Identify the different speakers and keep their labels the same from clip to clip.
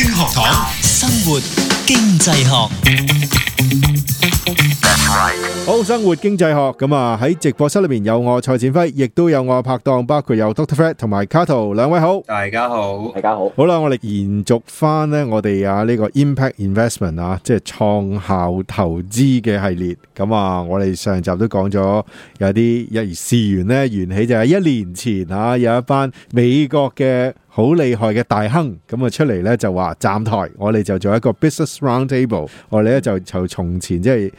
Speaker 1: 星生活經濟
Speaker 2: 學，
Speaker 1: 好生活經濟學咁啊！喺直播室裏面有我蔡展輝，亦都有我拍檔，包括有 Doctor Fred 同埋 Cato 兩位好。大家好，大家好。好啦，我哋延續翻呢，我哋啊呢個 Impact Investment 啊，即係創效投資嘅系列。咁啊，我哋上集都講咗有啲一而事緣呢，緣起就係一年前啊，有一班美國嘅。好厲害嘅大亨咁啊出嚟咧就話站台，我哋就做一個 business round table，我哋咧就就從前即係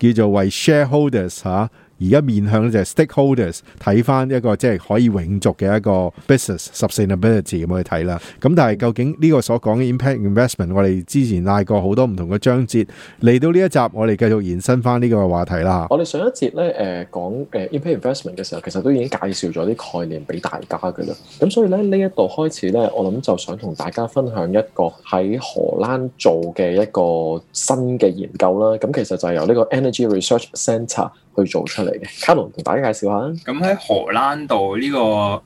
Speaker 1: 叫做為 shareholders 嚇、啊。而家面向就係 stakeholders 睇翻一個即係可以永續嘅一個 business sustainable 字去睇啦。咁但係究竟呢個所講嘅 impact investment，我哋之前拉過好多唔同嘅章節嚟到呢一集，我哋繼續延伸翻呢個話題啦。我哋上一節咧誒講誒 impact investment 嘅時候，其實都已經介紹咗啲概念俾大家㗎啦。咁所以咧呢一度開始咧，我諗就想同大家分享一個喺荷蘭做嘅一個新嘅研究啦。咁其實就係由呢個 Energy Research Centre 去做出嚟嘅，卡農同大家介紹下。
Speaker 2: 咁喺荷蘭度呢個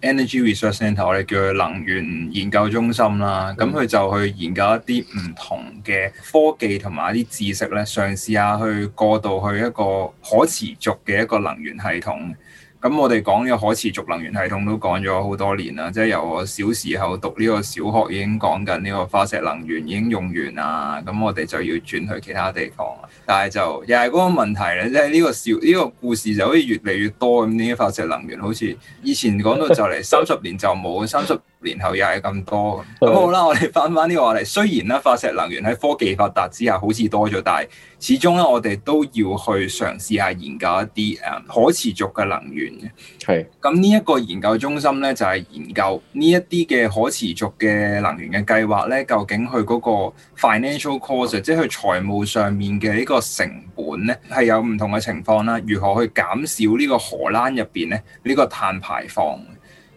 Speaker 2: Energy Research Centre，我哋叫能源研究中心啦。咁佢就去研究一啲唔同嘅科技同埋一啲知識咧，嘗試下去過渡去一個可持續嘅一個能源系統。咁我哋講呢個可持續能源系統都講咗好多年啦，即係由我小時候讀呢個小學已經講緊呢個化石能源已經用完啊，咁我哋就要轉去其他地方。但係就又係嗰個問題咧，即係呢個笑呢個故事就好似越嚟越多咁呢啲化石能源，好似以前講到就嚟三十年就冇三十年後又係咁多咁。是好啦，我哋翻翻呢個話題。雖然咧化石能源喺科技發達之下好似多咗，但係始終咧我哋都要去嘗試下研究一啲誒可持續嘅能源嘅。係是。咁呢一個研究中心咧就係、是、研究呢一啲嘅可持續嘅能源嘅計劃咧，究竟佢嗰個 financial cost，即係佢財務上面嘅呢個成本咧，係有唔同嘅情況啦。如何去減少呢個荷蘭入邊咧呢個碳排放？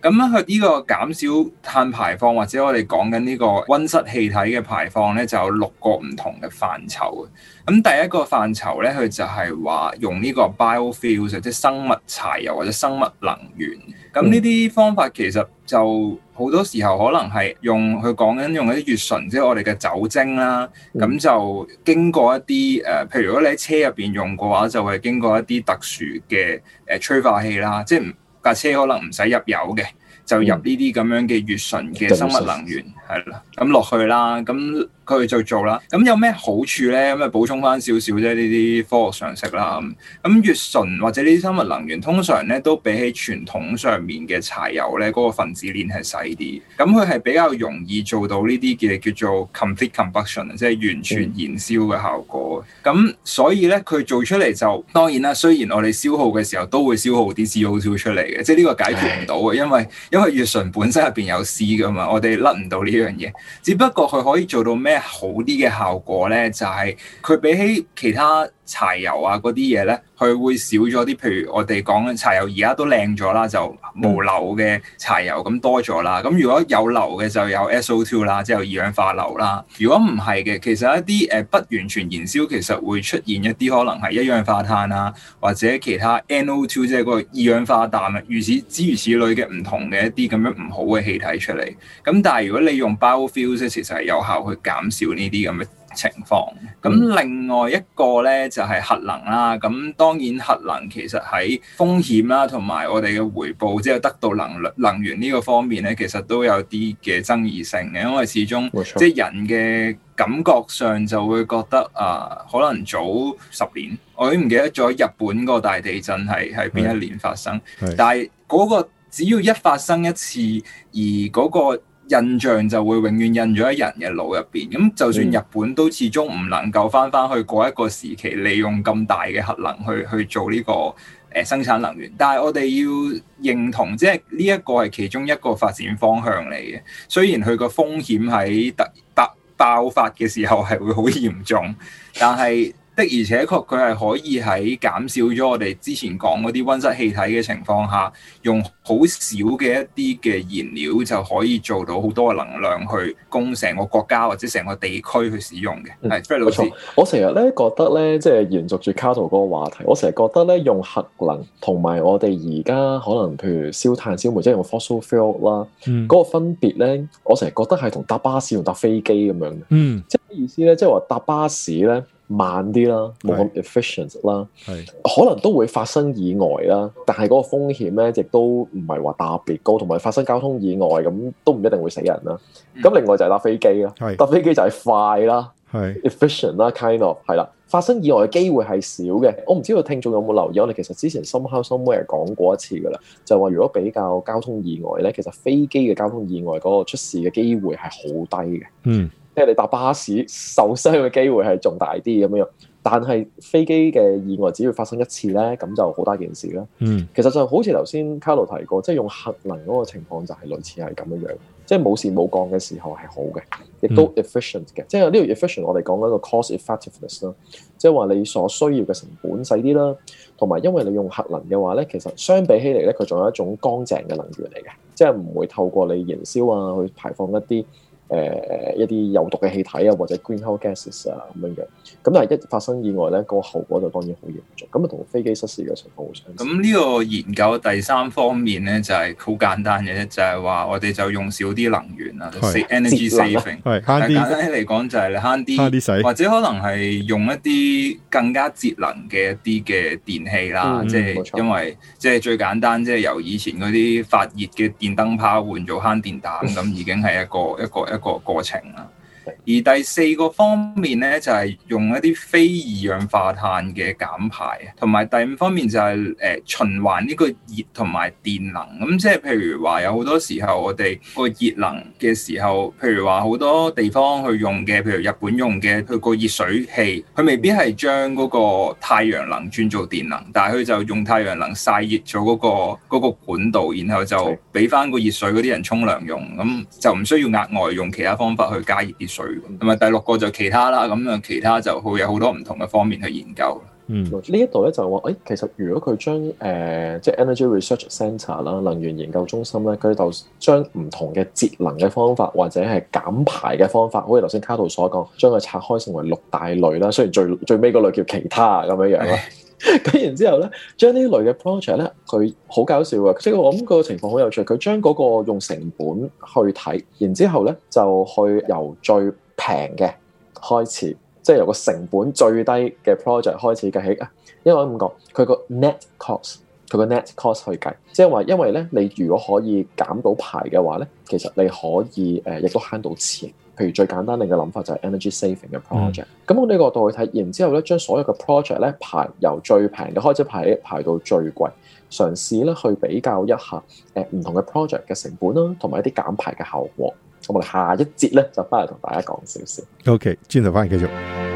Speaker 2: 咁咧佢呢個減少碳排放或者我哋講緊呢個溫室氣體嘅排放呢，就有六個唔同嘅範疇嘅。咁第一個範疇呢，佢就係話用呢個 biofuels，即係生物柴油或者生物能源。咁呢啲方法其實就好多時候可能係用佢，講緊用一啲乙醇，即係我哋嘅酒精啦。咁就經過一啲誒、呃，譬如如果你喺車入邊用嘅話，就會經過一啲特殊嘅誒催化器啦，即係架車可能唔使入油嘅，就入呢啲咁樣嘅乙醇嘅生物能源，係啦、嗯，咁落的去啦，咁。佢就做啦，咁有咩好處咧？咁咪補充翻少少啫，呢啲科學常識啦。咁乙醇或者呢啲生物能源，通常咧都比起傳統上面嘅柴油咧，嗰個分子鏈係細啲。咁佢係比較容易做到呢啲嘅叫做 complete combustion 即係完全燃燒嘅效果。咁所以咧，佢做出嚟就當然啦。雖然我哋消耗嘅時候都會消耗啲 CO2 出嚟嘅，即係呢個解決唔到啊。因為因為乙醇本身入邊有 C 噶嘛，我哋甩唔到呢樣嘢。只不過佢可以做到咩？好啲嘅效果咧，就係佢比起其他。柴油啊嗰啲嘢咧，佢會少咗啲。譬如我哋講嘅柴油，而家都靚咗啦，就無硫嘅柴油咁多咗啦。咁如果有硫嘅就有 SO2 啦，即係有二氧化硫啦。如果唔係嘅，其實一啲誒、呃、不完全燃燒其實會出現一啲可能係一氧化碳啊，或者其他 NO2 即係嗰個二氧化氮啊，如此諸如此類嘅唔同嘅一啲咁樣唔好嘅氣體出嚟。咁但係如果你用 biofuels 咧，其實係有效去減少呢啲咁嘅。情況咁，另外一個呢就係、是、核能啦。咁當然核能其實喺風險啦、啊，同埋我哋嘅回報，即係得到能量能源呢個方面呢，其實都有啲嘅爭議性嘅，因為始終錯即係人嘅感覺上就會覺得啊，可能早十年，我已經唔記得咗日本個大地震係係邊一年發生。的但係嗰個只要一發生一次，而嗰、那個印象就會永遠印咗喺人嘅腦入邊。咁就算日本都始終唔能夠返返去嗰一個時期，利用咁大嘅核能去去做呢、這個誒、呃、生產能源。但係我哋要認同，即係呢一個係其中一個發展方向嚟嘅。雖然佢個風險喺突爆爆發嘅時候係會好嚴重，但係。 的而且確，佢係可以喺減少咗我哋之前講嗰啲溫室氣體嘅情況下，用好少嘅一啲嘅燃料就可以做到好多嘅能量去供成個國家或者成個地區去使用嘅。係，Fred 老師，
Speaker 1: 我成日咧覺得咧，即係延續住卡圖嗰個話題，我成日覺得咧用核能同埋我哋而家可能譬如燒炭燒煤即係用 fossil fuel 啦，嗰個分別咧，我成日覺得係同搭巴士同搭飛機咁樣嘅。嗯，即係意思咧？即係話搭巴士咧。慢啲啦，冇咁 efficient 啦是，可能都會發生意外啦，是但係嗰個風險咧，亦都唔係話特別高，同埋發生交通意外咁都唔一定會死人啦。咁、嗯、另外就係搭飛機啦，是搭飛機就係快啦是，efficient 啦，kind of，係啦，發生意外嘅機會係少嘅。我唔知道聽眾有冇留意，我哋其實之前 somehow somewhere 講過一次噶啦，就係話如果比較交通意外咧，其實飛機嘅交通意外嗰個出事嘅機會係好低嘅。嗯。即係你搭巴士受傷嘅機會係仲大啲咁樣，但係飛機嘅意外只要發生一次咧，咁就好大件事啦。嗯，其實就好似頭先卡羅提過，即係用核能嗰個情況就係類似係咁樣樣，即係冇事冇降嘅時候係好嘅，亦都 efficient 嘅。嗯、即係呢個 efficient 我哋講緊個 cost effectiveness 啦，即係話你所需要嘅成本細啲啦，同埋因為你用核能嘅話咧，其實相比起嚟咧，佢仲有一種乾淨嘅能源嚟嘅，即係唔會透過你燃燒啊去排放一啲。誒、呃、一啲有毒嘅氣體啊，或者 greenhouse gases 啊咁樣樣，咁但係一發生意外咧，個後果就當然好嚴重。咁啊，同飛機失事嘅情況好
Speaker 2: 相似。咁呢個研究第三方面咧，就係、是、好簡單嘅，啫，就係、是、話我哋就用少啲能源啊，即係 energy saving。
Speaker 1: 係簡單
Speaker 2: 嚟講就係慳啲，慳啲使，或者可能係用一啲更加節能嘅一啲嘅電器啦，即係、嗯、因為即係錯最簡單，即係由以前嗰啲發熱嘅電燈泡換做慳電膽咁， 已經係一,一,一個一個，一個個過程啊。而第四個方面咧，就係、是、用一啲非二氧化碳嘅減排，同埋第五方面就係、是、誒、呃、循環呢個熱同埋電能。咁、嗯、即係譬如話有好多時候我哋個熱能嘅時候，譬如話好多地方去用嘅，譬如日本用嘅佢個熱水器，佢未必係將嗰個太陽能轉做電能，但係佢就用太陽能曬熱咗嗰個嗰、嗰個管道，然後就俾翻個熱水嗰啲人沖涼用，咁、嗯、就唔需要額外用其他方法去加熱熱水。同埋第六個就其他啦，咁樣其他就會有好多唔同嘅方面去研究。
Speaker 1: 嗯，呢一度咧就話，誒，其實如果佢將誒、呃、即係 Energy Research Centre 啦，能源研究中心咧，佢就將唔同嘅節能嘅方法或者係減排嘅方法，好似頭先卡圖所講，將佢拆開成為六大類啦。雖然最最尾嗰類叫其他咁樣樣啦。咁 然之後咧，將呢類嘅 project 咧，佢好搞笑啊！即係我諗個情況好有趣，佢將嗰個用成本去睇，然之後咧就去由最平嘅開始，即係由個成本最低嘅 project 開始計起啊。因為我咁講，佢個 net cost，佢個 net cost 去計，即係話因為咧，你如果可以減到牌嘅話咧，其實你可以誒、呃、亦都慳到錢。譬如最簡單，你嘅諗法就係 energy saving 嘅 project。咁我呢個角度去睇，然之後咧，將所有嘅 project 咧排，由最平嘅開始排，排到最貴，嘗試咧去比較一下誒唔同嘅 project 嘅成本啦，同埋一啲減排嘅效果。咁我哋下一節咧就翻嚟同大家講少少。OK，轉頭翻嚟繼續。